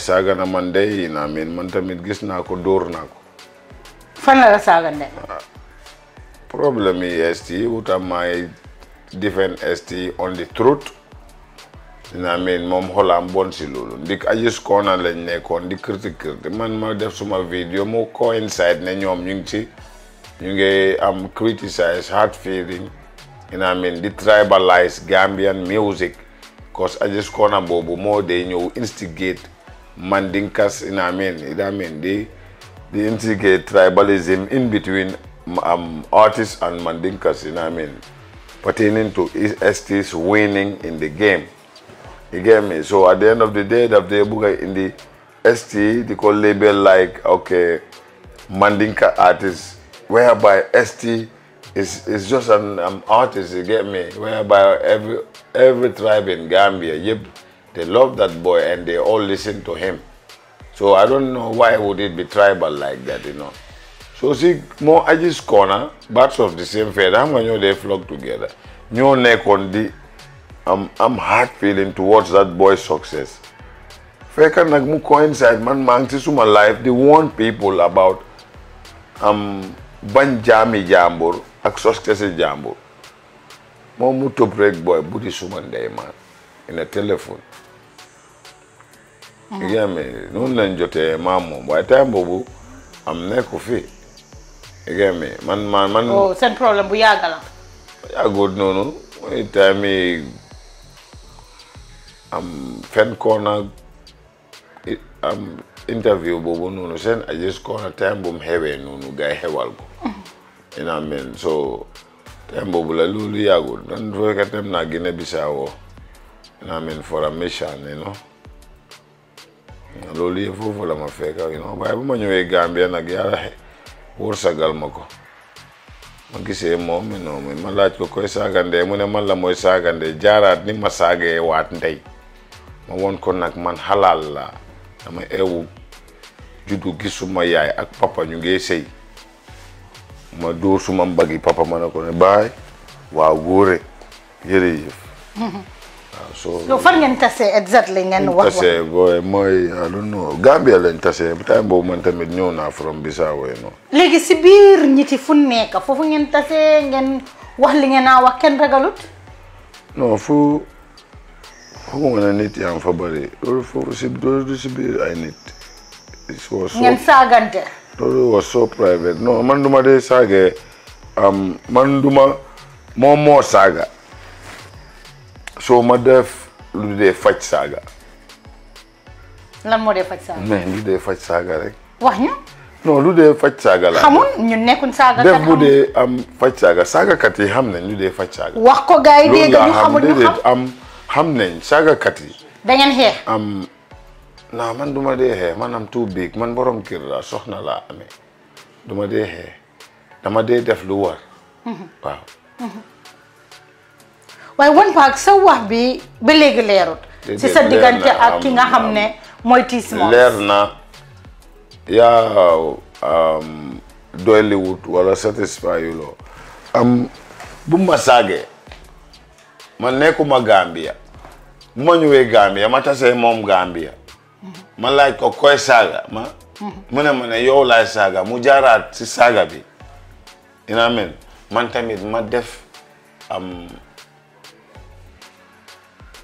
saaga man dey man tamit gis naa ko dóor naa ko. fan la la saaga ndey. Ah, problème yi est yi wutam different est on the truth. moom xoolaam bon si loolu ndik ajus koona lañ nekkoon di critique critique man ma def suma vidéo mu coincide ne ñoom ñu ngi ci ñu ngi am criticize hard feeling. naa miin di tribalize Gambian music cause ajus koona boobu moo dee ñëw instigate. mandinkas you know what i mean i mean the the mtk tribalism in between um, artists and mandinkas you know what i mean pertaining to ST's winning in the game you get me so at the end of the day that they book in the ST they call label like okay mandinka artist whereby ST is is just an um, artist you get me whereby every every tribe in Gambia you they love that boy and they all listen to him. So I don't know why would it be tribal like that, you know. So see, more this corner, bats of the same feather, I'm to know they flock together. New neck on the, I'm, I'm hard feeling towards that boy's success. Feka nagmu coincide man mangti suma life, they warn people about um, ban jami jambur ak success jambur. Mo mu top boy, budi suma man, in a telephone. yaa mm. ngi noonu lañ jotee maam waaye temps boobu am nekku fi yaa ngi man man man. oh seen problème bu yàgg la. yàggut noonu mooy temps yi am fen corner am time bu mu xewee noonu gars yi xewal ko. Mm-hmm. ina mel so time boobu la loolu yàggul nan fekk tam naa Guinée Bissau ina for a mission you know loolu yëpp foofu la ma fekk you know waaye bu ma ñëwee Gambia nag yàlla wërsagal ma ko ma gise moom mi noonu ma laaj ko koy saagandee mu ne man la mooy saagandee jaaraat ni ma saagee waat ndey ma won ko nag man xalaal la dama eewu juddu gisuma yaay ak papa ñu ngi sëy ma dóor suma mbaggi papa ma ne ko ne baay waaw góore jërëjëf waaw soo yow fan ngeen tasee exactly ngeen wax tasee booy mooy I don't know Gambia lañ tasee time boobu man tamit ñëw from Bissau noonu. léegi si biir ñiti fu nekk foofu ngeen tasee ngeen wax li ngeen naa wax kenn ragalut. non fu foofu nga ne nit fa bëri loolu foofu si loolu ngeen saagante. loolu was so private non man dee saagee man duma moo saaga. soo ma def lu dee faj saaga. lan moo dee faj saaga. mais lu dee faj saaga rek. wax ñu. non lu dee faj saaga la. xamul ñun nekkul saaga. kat def bu dee am faj saaga saagakat yi xam nañ lu dee faj saaga. wax ko gars yi dégg ñu xamul ñu xam am xam nañ saagakat yi. da ngeen xeex. am naa man du ma dee xeex man am too big man borom kër la soxna laa amee du ma dee xeex dama dee def lu war. Mhm. waaw. Mhm. waaye One Pac sa wax bi ba léegi leerut si sa diggante ak ki nga xam ne mooy tiis moom leer na yaa doyliwut wala satisfy yu loo am bu ma saagee ma nekkuma Gambia bu ma ñëwee Gambia ma tasee moom Gambia ma laaj ko koy saaga ma mu ne ma ne yow laay saaga mu jaaraat si saaga bi ina amen man tamit ma def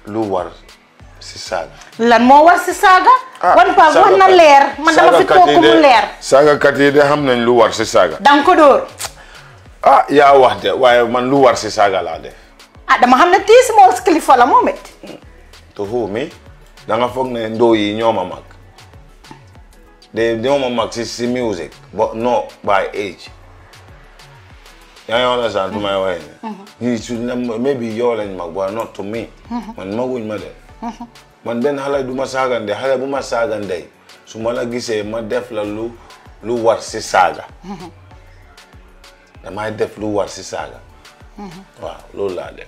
luar war si lan mo war sisaga ah, wan pa wan na leer man dama fi toog mu leer saga kat yi xam nañ lu war ko ah ya wax de waye man luar war si ada laa ah dama xam na tis mo kilifa la momet to hu mi da nga fogné ndo yi ñoma de ñoma mak mag music but no by age yaa ngi understand bu may waxee maybe yow lañ mag not to me. man maguñ ma de. man benn xale du ma saagande xale bu ma saagande su ma la gisee ma def la lu lu war si saaga. damay mm-hmm. def lu war si saaga. waaw laa def.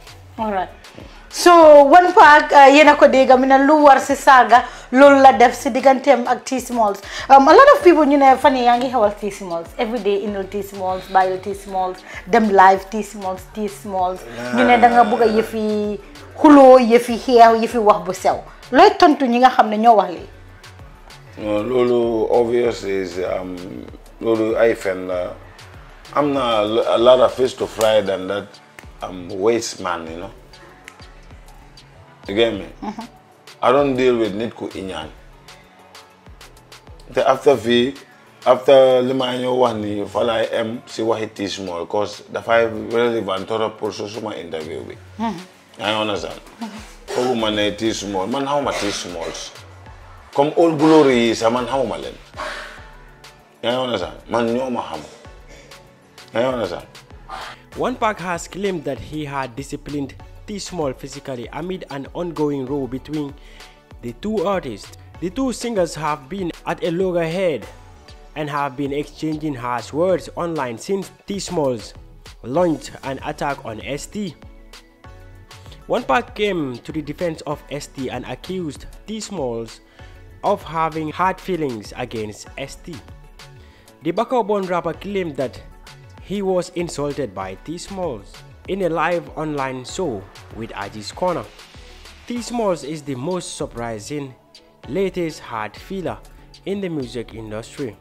so One pack yéen uh, yena ko dégg mina ne lu war si saaga loolu la def si digganteem ak T Smalls um, a lot of people ñu ne fani yii yaa ngi xewal T Smalls every day in T Smalls buy T Smalls dem live T Smalls T Smalls ñu ne da nga bugg a yëfi xuloo yëfi xeex yëfi wax bu sew looy tontu ñi nga xam ne ñoo wax lii. loolu obvious is um, loolu ay fen la am na a lot of fish to fry than that um waste man you know You get me? Mm -hmm. I don't deal with Nitko Inyan. The after V, after lima Limanyo Wani, Fala M, see what it is more, because the five relevant Torah process my interview with. Mm -hmm. I understand. How man it is more? man, how much is more? Come all glory is a man, how malen. I understand. Man, no maham. I understand. One Park has claimed that he had disciplined pretty small physically amid an ongoing row between the two artists. The two singers have been at a loggerhead and have been exchanging harsh words online since T-Smalls launched an attack on ST. One part came to the defense of ST and accused T-Smalls of having hard feelings against ST. The Bacau-born rapper claimed that he was insulted by T-Smalls in a live online show with Aji's Corner. T-Smalls is the most surprising latest hard filler in the music industry.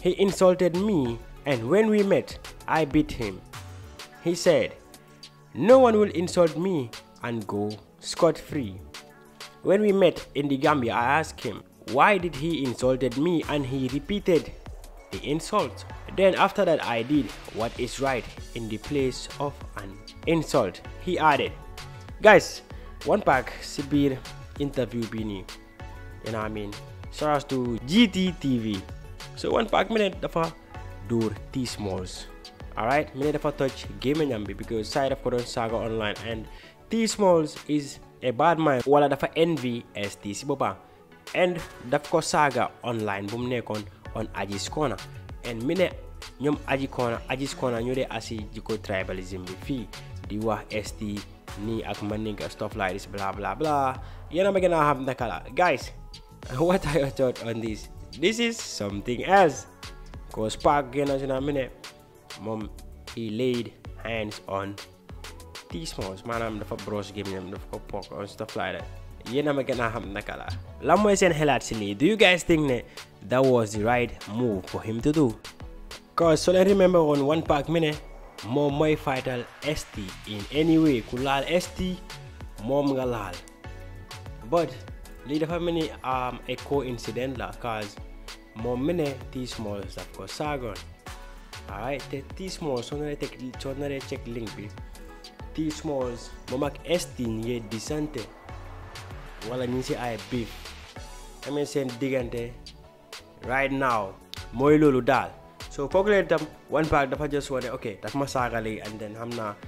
He insulted me and when we met, I beat him. He said, no one will insult me and go scot-free. When we met in the Gambia, I asked him, why did he insulted me and he repeated the insult. Then after that I did what is right in the place of an insult, he added. Guys, one pack Sibir interview bini. You know what I mean? Shout out to GTTV. So one pack minute dafa dur T Smalls. Alright, minute dafa touch gaming yambi because side of Kodon Saga Online and T Smalls is a bad man wala dafa envy as TC Boba and daf ko saga online boom nekon on Aji's Corner and mi ne ñoom aji koona ajis koona ñu asi jikko tribalism bi fi diwa st ni ak stuff like this blah blah blah yéen a ma gën a xam guys what are your thoughts on this this is something else cause Park gëna si na minute, mom he laid hands on these T-Smalls maanaam dafa brosse gémmiñam dafa ko poke on stuff like that yéen a ma gën a xam naka la lan mooy seen xelaat si lii do you guys think ne that was the right move for him to do cause so leen remember woon one pack mi ne moom mooy fightal ST in any way ku laal ST moom nga laal but lii dafa mel ni am a coincident la cause moom mi ne T Smalls daf ko saagoon alright te T Smalls soo naree teg soo naree check link bi T Smalls moom ak ST ngee disante wala ñi si ay biif amee seen diggante right now mooy loolu daal so kooku leen tam one pack dafa just wane ok daf ma saaga léegi and then xam naa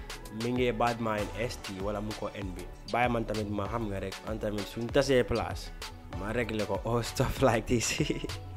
mi ngi bad mind st wala mu ko n bi bàyyi man tamit ma xam nga rek man tamit suñ tasee place ma réglé ko oh stuff like this